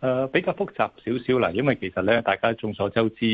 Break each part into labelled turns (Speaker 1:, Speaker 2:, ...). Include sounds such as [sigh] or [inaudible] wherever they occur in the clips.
Speaker 1: 誒、呃、比較複雜少少啦，因為其實咧，大家眾所周知，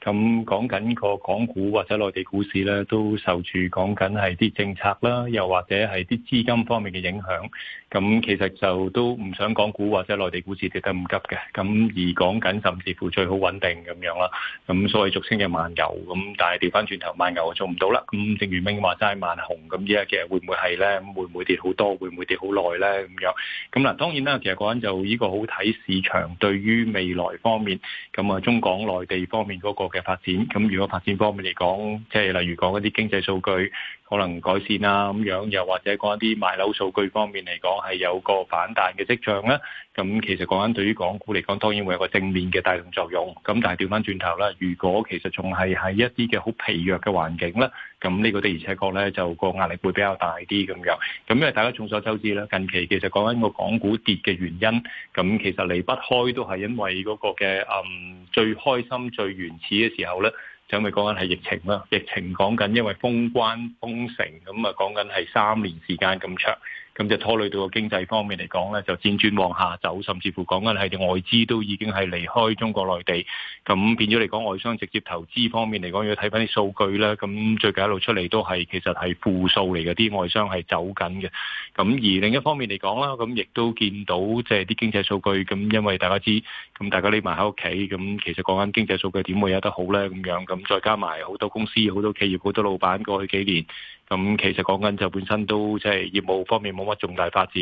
Speaker 1: 咁講緊個港股或者內地股市咧，都受住講緊係啲政策啦，又或者係啲資金方面嘅影響。咁其實就都唔想港股或者內地股市跌得唔急嘅，咁而講緊甚至乎最好穩定咁樣啦，咁所以俗稱嘅慢牛，咁但係掉返轉頭慢牛做唔到啦，咁正如明話齋慢熊，咁依家其實會唔會係咧？會唔會跌好多？會唔會跌好耐咧？咁樣，咁嗱當然啦，其實講緊就呢個好睇市場對於未來方面，咁啊中港內地方面嗰個嘅發展，咁如果發展方面嚟講，即係例如講一啲經濟數據。可能改善啦、啊，咁樣又或者講一啲賣樓數據方面嚟講，係有個反彈嘅跡象啦。咁其實講緊對於港股嚟講，當然會有個正面嘅帶動作用。咁但係調翻轉頭啦，如果其實仲係喺一啲嘅好疲弱嘅環境咧，咁呢個的而且確咧，就個壓力會比較大啲咁樣。咁因為大家眾所周知啦，近期其實講緊個港股跌嘅原因，咁其實離不開都係因為嗰個嘅嗯最開心最原始嘅時候咧。咁咪講緊係疫情啦，疫情講緊因為封關封城，咁啊講緊係三年時間咁長。咁就拖累到個經濟方面嚟講咧，就輾轉往下走，甚至乎講緊係外資都已經係離開中國內地。咁變咗嚟講，外商直接投資方面嚟講，要睇翻啲數據啦。咁最近一路出嚟都係其實係負數嚟嘅，啲外商係走緊嘅。咁而另一方面嚟講啦，咁亦都見到即係啲經濟數據。咁因為大家知，咁大家匿埋喺屋企，咁其實講緊經濟數據點會有得好咧？咁樣咁再加埋好多公司、好多企業、好多老闆過去幾年。咁其實講緊就本身都即係業務方面冇乜重大發展，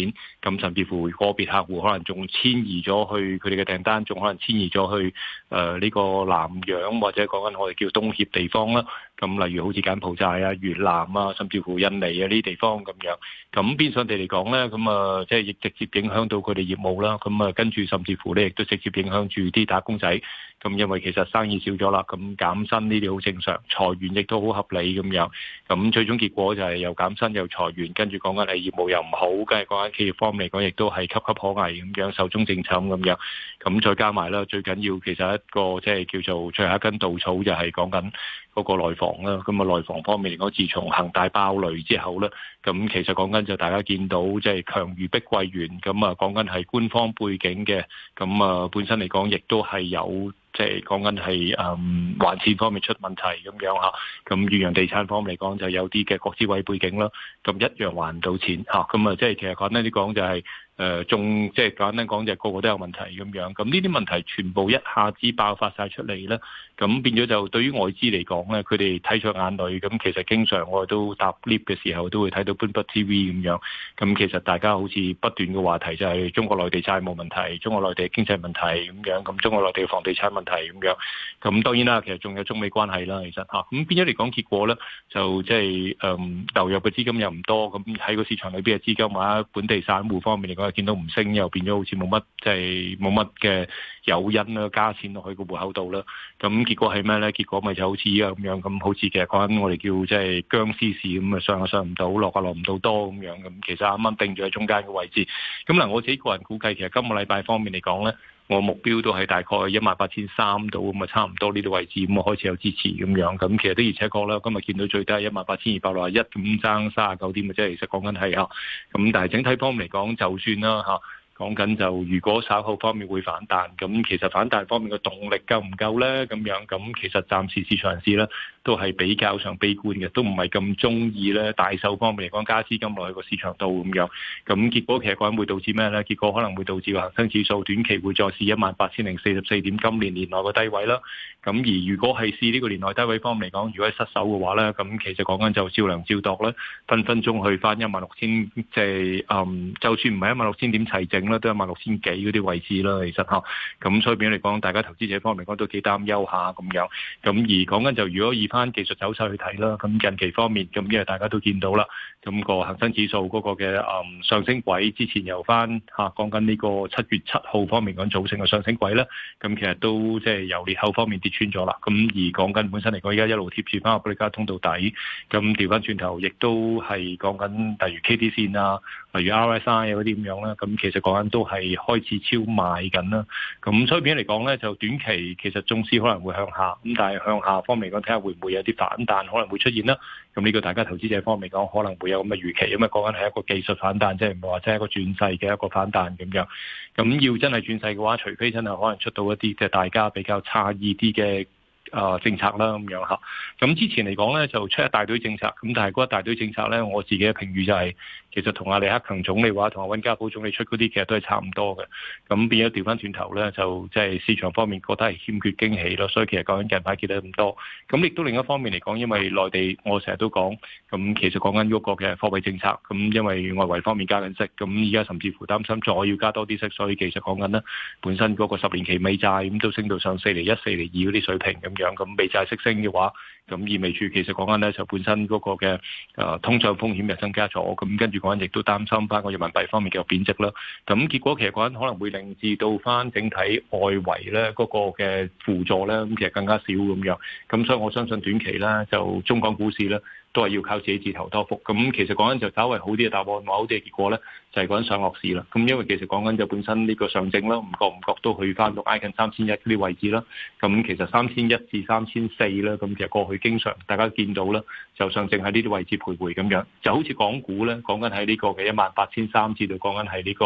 Speaker 1: 咁甚至乎個別客戶可能仲遷移咗去佢哋嘅訂單，仲可能遷移咗去誒呢、呃呢個南洋或者講緊我哋叫東協地方啦。咁例如好似柬埔寨啊、越南啊，甚至乎印尼啊呢啲地方咁樣，咁邊相變相地嚟講呢，咁啊即係亦直接影響到佢哋業務啦。咁啊跟住，甚至乎呢亦都直接影響住啲打工仔。咁因為其實生意少咗啦，咁減薪呢啲好正常，裁員亦都好合理咁樣。咁最終結果就係又減薪又裁員，跟住講緊係業務又唔好，跟住講緊企業方面嚟講亦都係岌岌可危咁樣，壽終正寢咁樣。咁再加埋啦，最緊要其實一個即係叫做最後一根稻草就，就係講緊。嗰個內房啦，咁啊內房方面嚟講，自從恒大爆雷之後咧，咁其實講緊就大家見到即係強如碧桂園，咁啊講緊係官方背景嘅，咁啊本身嚟講亦都係有。即係講緊係誒還錢方面出問題咁樣嚇，咁遠洋地產方面嚟講就有啲嘅國資委背景啦，咁一樣還唔到錢嚇，咁啊即係其實簡單啲講就係誒仲即係簡單講就係個個都有問題咁樣，咁呢啲問題全部一下子爆發晒出嚟咧，咁變咗就對於外資嚟講咧，佢哋睇在眼裏，咁其實經常我哋都搭 lift 嘅時候都會睇到彭博 TV 咁樣，咁其實大家好似不斷嘅話題就係中國內地債務問題、中國內地經濟問題咁樣，咁中國內地房地產題咁樣，咁當然啦，其實仲有中美關係啦，其實吓咁變咗嚟講結果咧，就即係誒流入嘅資金又唔多，咁喺個市場裏邊嘅資金或者本地散戶方面嚟講，見到唔升又變咗好似冇乜即係冇乜嘅誘因啦，加錢落去個戶口度啦，咁結果係咩咧？結果咪就好似依家咁樣，咁好似其實講緊我哋叫即係僵屍市咁啊，上啊上唔到，落啊落唔到多咁樣咁，其實啱啱定咗喺中間嘅位置。咁嗱，我自己個人估計，其實今個禮拜方面嚟講咧。我目標都係大概一萬八千三到咁啊，差唔多呢啲位置咁啊，我開始有支持咁樣。咁其實的而且確啦，今日見到最低一萬八千二百六十一，五爭三十九點即係其實講緊係啊。咁但係整體方面嚟講，就算啦嚇。講緊就如果稍後方面會反彈，咁其實反彈方面嘅動力夠唔夠呢？咁樣咁其實暫時市場人士呢都係比較上悲觀嘅，都唔係咁中意呢大手方面嚟講加資金落去個市場度咁樣，咁結果其實講緊會導致咩呢？結果可能會導致話恆生指數短期會再試一萬八千零四十四點，今年年內嘅低位啦。咁而如果係試呢個年內低位方面嚟講，如果失守嘅話呢，咁其實講緊就照量照度啦，分分鐘去返一萬六千，即係嗯，就算唔係一萬六千點齊整。都有萬六千幾嗰啲位置啦，其實嚇，咁所以變咗嚟講，大家投資者方面講都幾擔憂下咁樣。咁而講緊就，如果以翻技術走勢去睇啦，咁近期方面，咁因為大家都見到啦，咁個恒生指數嗰個嘅、嗯、上升軌之前由翻嚇講緊呢個七月七號方面講組成嘅上升軌啦，咁其實都即係由裂口方面跌穿咗啦。咁而講緊本身嚟講，依家一路貼住翻個保歷加通道底，咁調翻轉頭亦都係講緊例如 K D 線啊。例如 RSI 嗰啲咁樣啦，咁其實講緊都係開始超賣緊啦。咁所以變咗嚟講咧，就短期其實中思可能會向下，咁但係向下方面講，睇下會唔會有啲反彈可能會出現啦。咁呢個大家投資者方面講，可能會有咁嘅預期，因為講緊係一個技術反彈，即係唔會話即係一個轉勢嘅一個反彈咁樣。咁要真係轉勢嘅話，除非真係可能出到一啲即係大家比較差異啲嘅啊政策啦咁樣吓，咁之前嚟講咧，就出一大堆政策，咁但係嗰一大堆政策咧，我自己嘅評語就係。其實同阿李克強總理話，同阿溫家寶總理出嗰啲，其實都係差唔多嘅。咁變咗掉返轉頭咧，就即係市場方面覺得係欠缺驚喜咯。所以其實講緊近排跌得咁多，咁亦都另一方面嚟講，因為內地我成日都講，咁其實講緊一個嘅貨幣政策。咁因為外圍方面加緊息，咁而家甚至乎擔心再要加多啲息，所以其實講緊咧，本身嗰個十年期美債咁都升到上四厘一、四厘二嗰啲水平咁樣，咁美債息升嘅話。咁意味住，其實講緊咧就本身嗰個嘅誒、呃、通脹風險又增加咗，咁跟住講緊亦都擔心翻個人民幣方面嘅繼續貶值啦。咁結果其實講緊可能會令至到翻整體外圍咧嗰、嗰個嘅輔助咧，咁其實更加少咁樣。咁所以我相信短期咧就中港股市咧，都係要靠自己自投多福。咁其實講緊就稍微好啲嘅答案，話好啲嘅結果咧，就係講緊上落市啦。咁因為其實講緊就本身呢個上證啦，唔覺唔覺都去返到挨近三千一呢啲位置啦。咁其實三千一至三千四咧，咁其實過去經常大家見到啦，就上證喺呢啲位置徘徊咁樣，就好似港股咧，講緊喺呢個嘅一萬八千三至到講緊喺呢個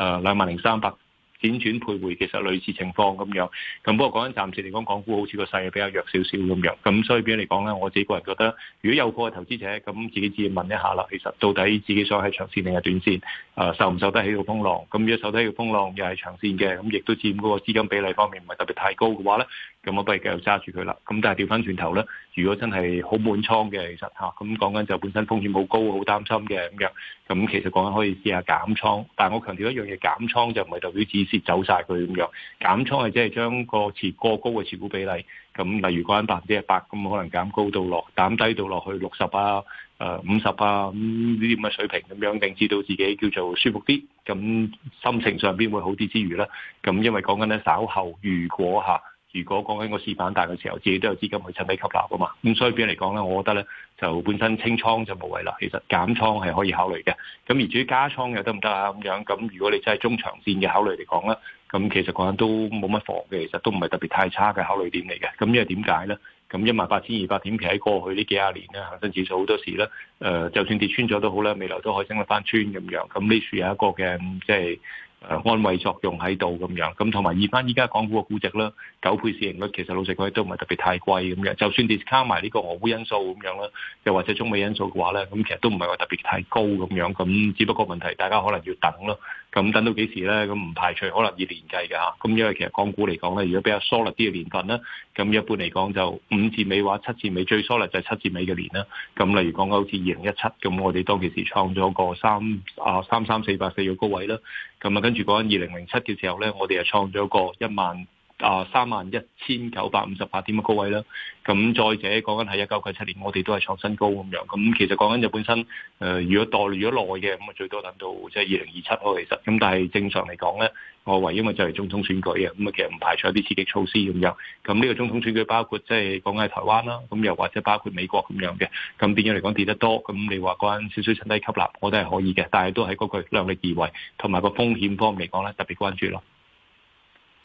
Speaker 1: 誒兩萬零三百。輾轉徘徊，其實類似情況咁樣。咁不過講緊暫時嚟講，港股好似個勢比較弱少少咁樣。咁所以變咗嚟講咧，我自己個人覺得，如果有個投資者咁，自己自問一下啦。其實到底自己想係長線定係短線？誒、啊，受唔受得起個風浪？咁如果受得起個風浪，又係長線嘅，咁亦都佔嗰個資金比例方面唔係特別太高嘅話咧。咁我不如繼續揸住佢啦。咁但係調翻轉頭咧，如果真係好滿倉嘅，其實嚇咁講緊就本身風險好高，好擔心嘅咁樣。咁、啊、其實講緊可以試下減倉，但係我強調一樣嘢，減倉就唔係代表止蝕走晒佢咁樣。減倉係即係將個持過高嘅持股比例。咁、啊、例如講緊百分之一百，咁可能減高到落，減低到落去六十啊，誒五十啊，咁呢啲咁嘅水平咁樣，令至到自己叫做舒服啲。咁、啊、心情上邊會好啲之餘咧，咁、啊、因為講緊咧稍後如果嚇。如果講緊個市反大嘅時候，自己都有資金去趁低吸納噶嘛，咁、嗯、所以變嚟講咧，我覺得咧就本身清倉就無謂啦，其實減倉係可以考慮嘅。咁而至於加倉又得唔得啊？咁樣咁如果你真係中長線嘅考慮嚟講啦，咁其實講緊都冇乜防嘅，其實都唔係特別太差嘅考慮點嚟嘅。咁因為，為呢18，點解咧？咁一萬八千二百點企喺過去幾呢幾廿年咧，恒生指數好多時咧，誒、呃、就算跌穿咗都好咧，未來都可以升得翻穿咁樣。咁呢處有一個嘅即係。嗯就是誒，安慰作用喺度咁樣，咁同埋二翻依家港股嘅估值啦，九倍市盈率其實老實講都唔係特別太貴咁樣，就算 discount 埋呢個俄烏因素咁樣啦，又或者中美因素嘅話咧，咁其實都唔係話特別太高咁樣，咁只不過問題大家可能要等咯。咁等到幾時咧？咁唔排除可能以年計嘅嚇。咁因為其實港股嚟講咧，如果比較疏 o 啲嘅年份咧，咁一般嚟講就五至尾、話七至尾最疏 o，就係七至尾嘅年啦。咁例如講好似二零一七咁，我哋當其時創咗個三啊三三四八四嘅高位啦。咁啊跟住嗰陣二零零七嘅時候咧，我哋又創咗個一萬。啊，三萬一千九百五十八點嘅高位啦，咁再者講緊係一九九七年，我哋都係創新高咁樣，咁其實講緊就本身，誒、呃，如果待如果耐嘅，咁啊最多等到即係二零二七咯，其實，咁但係正常嚟講咧，我唯一咪就係總統選舉嘅，咁啊其實唔排除一啲刺激措施咁樣，咁呢個總統選舉包括即係講緊係台灣啦，咁又或者包括美國咁樣嘅，咁點樣嚟講跌得多，咁你話關少少層低吸納，我都係可以嘅，但係都係嗰句量力而為，同埋個風險方面嚟講咧，特別關注咯。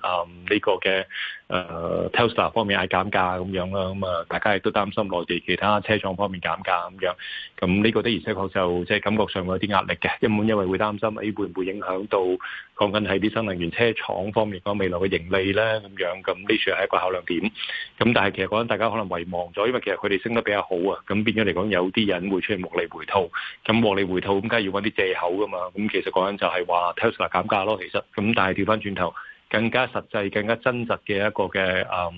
Speaker 1: 啊，呢、嗯這個嘅誒、呃、Tesla 方面係減價咁樣啦，咁啊大家亦都擔心內地其他車廠方面減價咁樣，咁呢個的而且確就即係、就是、感覺上會有啲壓力嘅，因為因為會擔心誒會唔會影響到講緊喺啲新能源車廠方面講未來嘅盈利咧咁樣，咁呢處係一個考量點。咁但係其實講緊大家可能遺忘咗，因為其實佢哋升得比較好啊，咁變咗嚟講有啲人會出現獲利回吐，咁獲利回吐咁梗係要揾啲借口噶嘛，咁其實講緊就係話 Tesla 減價咯，其實咁但係調翻轉頭。更加實際、更加真實嘅一個嘅誒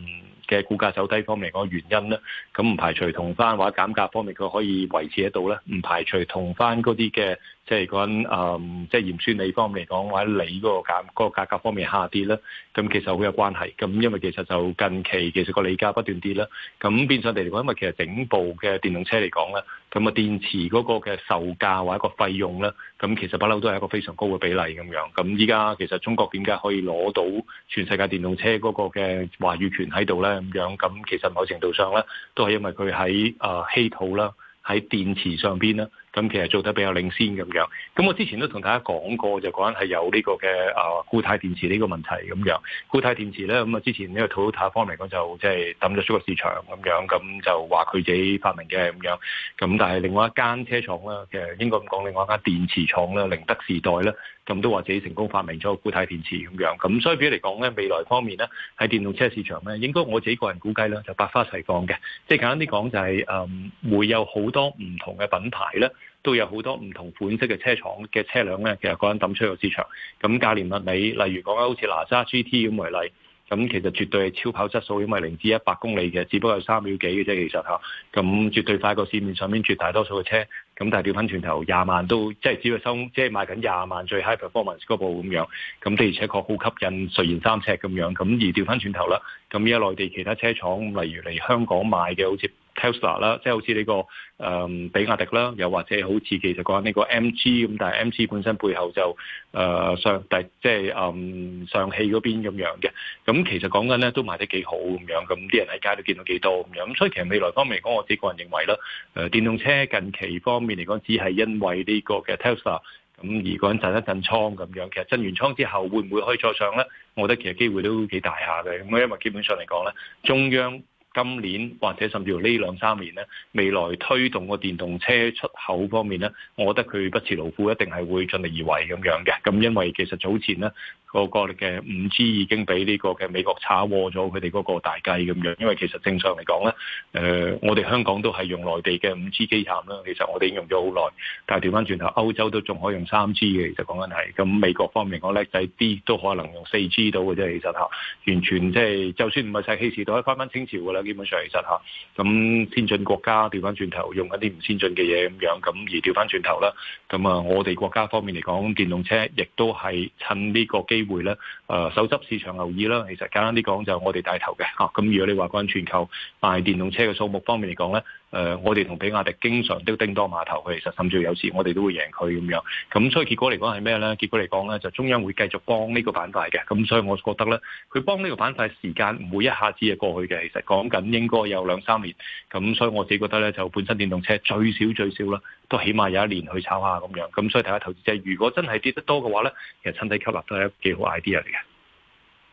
Speaker 1: 嘅股價走低方面嗰個原因咧，咁唔排除同翻話減價方面佢可以維持得到咧，唔排除同翻嗰啲嘅。即係講誒，即係鹽酸鋰方面嚟講，或者鋰嗰個價嗰個價格方面下跌咧，咁其實好有關係。咁因為其實就近期其實個鋰價不斷跌啦，咁變相地嚟講，因為其實整部嘅電動車嚟講咧，咁啊電池嗰個嘅售價或者個費用咧，咁其實不嬲都係一個非常高嘅比例咁樣。咁依家其實中國點解可以攞到全世界電動車嗰個嘅話語權喺度咧？咁樣咁其實某程度上咧，都係因為佢喺誒稀土啦，喺電池上邊啦。咁其實做得比較領先咁樣，咁我之前都同大家講過，就講係有呢個嘅啊固態電池呢個問題咁樣。固態電池咧，咁啊之前呢個土土陶方嚟講就即係抌咗出個市場咁樣，咁就話佢自己發明嘅咁樣。咁但係另外一間車廠啦，其實應該咁講，另外一間電池廠啦，寧德時代啦，咁都話自己成功發明咗固態電池咁樣。咁所以比如嚟講咧，未來方面咧，喺電動車市場咧，應該我自己個人估計咧，就百花齊放嘅。即係簡單啲講，就係，就係誒會有好多唔同嘅品牌咧。都有好多唔同款式嘅車廠嘅車輛咧，其實個人抌出個市場，咁價廉物美。例如講緊好似哪吒 GT 咁為例，咁其實絕對係超跑質素，因為零至一百公里嘅，只不過係三秒幾嘅啫。其實嚇，咁絕對快過市面上面絕大多數嘅車。咁但係調翻轉頭，廿萬都即係只要收，即係賣緊廿萬最 high performance 嗰部咁樣。咁的而且確好吸引，垂涎三尺咁樣。咁而調翻轉頭啦，咁依家內地其他車廠，例如嚟香港買嘅，好似。Tesla 啦、這個，即係好似呢個誒比亞迪啦，又或者好似其實講呢個 MG 咁，但係 MG 本身背後就誒、呃、上第即係誒、嗯、上汽嗰邊咁樣嘅。咁、嗯、其實講緊咧都賣得幾好咁樣，咁啲人喺街都見到幾多咁樣。咁所以其實未來方面嚟講，我自己個人認為啦，誒、呃、電動車近期方面嚟講，只係因為呢、這個嘅 Tesla 咁而個人震一震倉咁樣。其實震完倉之後會唔會可以再上咧？我覺得其實機會都幾大下嘅。咁因為基本上嚟講咧，中央。今年或者甚至乎呢兩三年咧，未來推動個電動車出口方面咧，我覺得佢不辭勞苦，一定係會盡力而為咁樣嘅。咁因為其實早前咧。個個嘅五 G 已經俾呢個嘅美國炒禍咗，佢哋嗰個大計咁樣。因為其實正常嚟講咧，誒、呃，我哋香港都係用內地嘅五 G 基站啦。其實我哋已經用咗好耐，但係調翻轉頭，歐洲都仲可以用三 G 嘅。其實講緊係咁，美國方面我叻仔啲都可能用四 G 到嘅啫。其實嚇，完全即、就、係、是、就算唔係石器時代可翻返清朝㗎啦。基本上其實嚇，咁先進國家調翻轉頭用緊啲唔先進嘅嘢咁樣，咁而調翻轉頭啦。咁啊，我哋國家方面嚟講，電動車亦都係趁呢個機。機會咧，誒手執市場留意啦。其實簡單啲講，就我哋帶頭嘅嚇。咁如果你話關全球賣電動車嘅數目方面嚟講咧。 [music] [music] [music] 誒、呃，我哋同比亞迪經常都叮噹馬頭，其實甚至有時我哋都會贏佢咁樣。咁所以結果嚟講係咩呢？結果嚟講呢，就中央會繼續幫呢個板塊嘅。咁所以我覺得呢，佢幫呢個板塊時間唔會一下子就過去嘅。其實講緊應該有兩三年。咁所以我自己覺得呢，就本身電動車最少最少啦，都起碼有一年去炒下咁樣。咁所以睇下投資者，如果真係跌得多嘅話呢，其實趁低吸納都係一個幾好 idea 嚟嘅。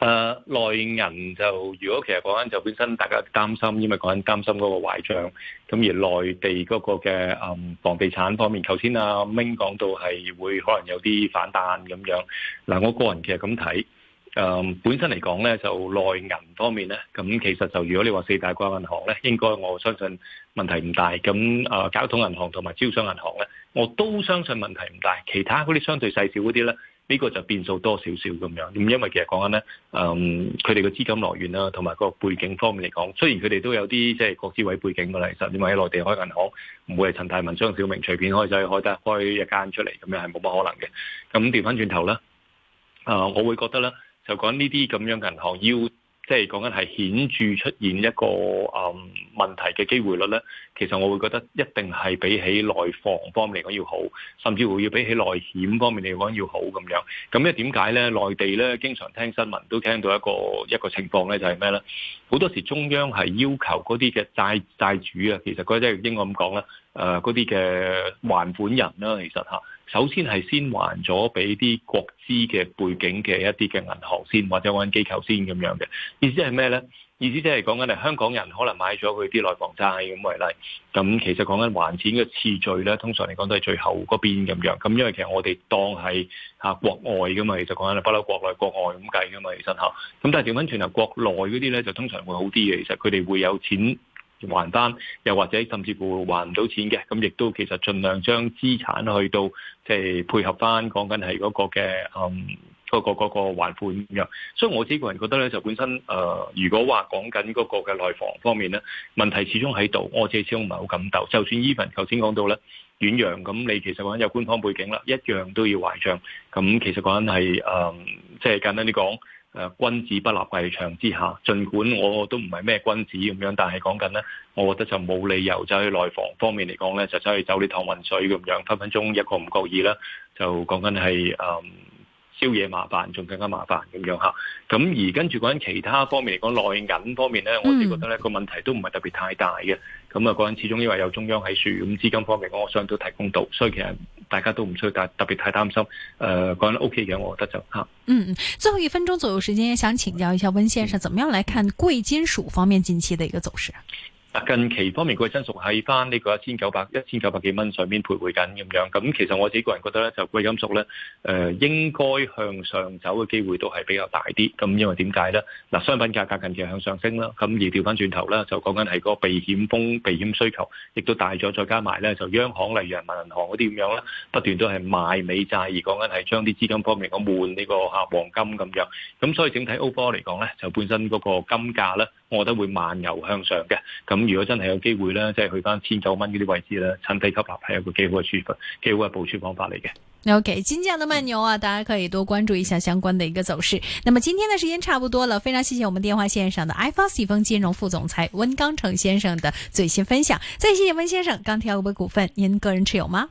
Speaker 1: 誒、uh, 內銀就，如果其實講緊就本身大家擔心，因為講緊擔心嗰個壞帳，咁而內地嗰個嘅誒、嗯、房地產方面，頭先阿 Ming 講到係會可能有啲反彈咁樣。嗱，我個人其實咁睇，誒、嗯、本身嚟講咧，就內銀方面咧，咁其實就如果你話四大國銀行咧，應該我相信問題唔大。咁誒、啊、交通銀行同埋招商銀行咧，我都相信問題唔大。其他嗰啲相對細小嗰啲咧。呢個就變數多少少咁樣，咁因為其實講緊咧，誒、嗯，佢哋嘅資金來源啦、啊，同埋個背景方面嚟講，雖然佢哋都有啲即係國資委背景嘅，其實你話喺內地開銀行，唔會係陳大文、張小明隨便可以開就去開得開一間出嚟，咁樣係冇乜可能嘅。咁調翻轉頭啦，誒、呃，我會覺得咧，就講呢啲咁樣嘅銀行要。即係講緊係顯著出現一個誒、嗯、問題嘅機會率咧，其實我會覺得一定係比起內房方面嚟講要好，甚至乎要比起內險方面嚟講要好咁樣。咁咧點解咧？內地咧經常聽新聞都聽到一個一個情況咧，就係咩咧？好多時中央係要求嗰啲嘅債債主啊，其實嗰啲即係應該咁講啦，誒嗰啲嘅還款人啦，其實嚇。首先係先還咗俾啲國資嘅背景嘅一啲嘅銀行先，或者搵機構先咁樣嘅意思，即係咩咧？意思即係講緊係香港人可能買咗佢啲內房債咁為例，咁其實講緊還錢嘅次序咧，通常嚟講都係最後嗰邊咁樣。咁因為其實我哋當係吓國外㗎嘛，其實講緊不嬲國內國外咁計㗎嘛，其實吓。咁但係整返轉頭國內嗰啲咧，就通常會好啲嘅。其實佢哋會有錢。還單，又或者甚至乎還唔到錢嘅，咁亦都其實盡量將資產去到，即係配合翻講緊係嗰個嘅，嗯，嗰個、嗰個、嗰個、還款咁樣。所以我自己個人覺得咧，就本身誒、呃，如果話講緊嗰個嘅內房方面咧，問題始終喺度。我自己始終唔係好敢賭，就算 Evan 頭先講到咧，遠洋咁，你其實講有官方背景啦，一樣都要壞帳。咁其實講緊係，嗯、呃，即係簡單啲講。誒，君子不立危牆之下，儘管我都唔係咩君子咁樣，但係講緊咧，我覺得就冇理由走去內房方面嚟講咧，就走去走啲淌渾水咁樣，分分鐘一個唔覺意啦，就講緊係誒。嗯招嘢麻煩，仲更加麻煩咁樣吓，咁而跟住講緊其他方面嚟講，內銀方面咧，我自己覺得咧個、嗯、問題都唔係特別太大嘅，咁啊，個人始終以為有中央喺樹，咁資金方面講，我相信都提供到，所以其實大家都唔需要太特別太擔心，誒、呃，講得 OK 嘅，我覺得就吓。啊、嗯，
Speaker 2: 最後一分鐘左右時間，想請教一下溫先生，怎麼樣來看貴金屬方面近期的一個走勢？
Speaker 1: 近期方面，貴金屬喺翻呢個一千九百一千九百幾蚊上邊徘徊緊咁樣。咁其實我自己個人覺得咧，就貴金屬咧，誒應該向上走嘅機會都係比較大啲。咁因為點解咧？嗱，商品價格近期向上升啦，咁而調翻轉頭咧，就講緊係個避險風避險需求亦都大咗，再加埋咧就央行例如人民銀行嗰啲咁樣咧，不斷都係賣美債，而講緊係將啲資金方面咁換呢個嚇黃金咁樣。咁所以整體 overall 嚟講咧，就本身嗰個金價咧，我覺得會慢牛向上嘅。咁咁如果真係有機會呢即係、就是、去翻千九蚊嗰啲位置呢，趁低吸納係一個幾好嘅舒服，幾好嘅部署方法嚟嘅。
Speaker 2: OK，金價的慢牛啊，大家可以多關注一下相關嘅一個走勢。那麼今天嘅時間差不多了，非常謝謝我們電話線上的 iPhone C 峰金融副總裁溫鋼城先生的最新分享。再謝謝溫先生，鋼鐵股份您個人持有嗎？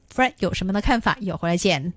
Speaker 2: Frank 有什麼的看法？一會兒回來見。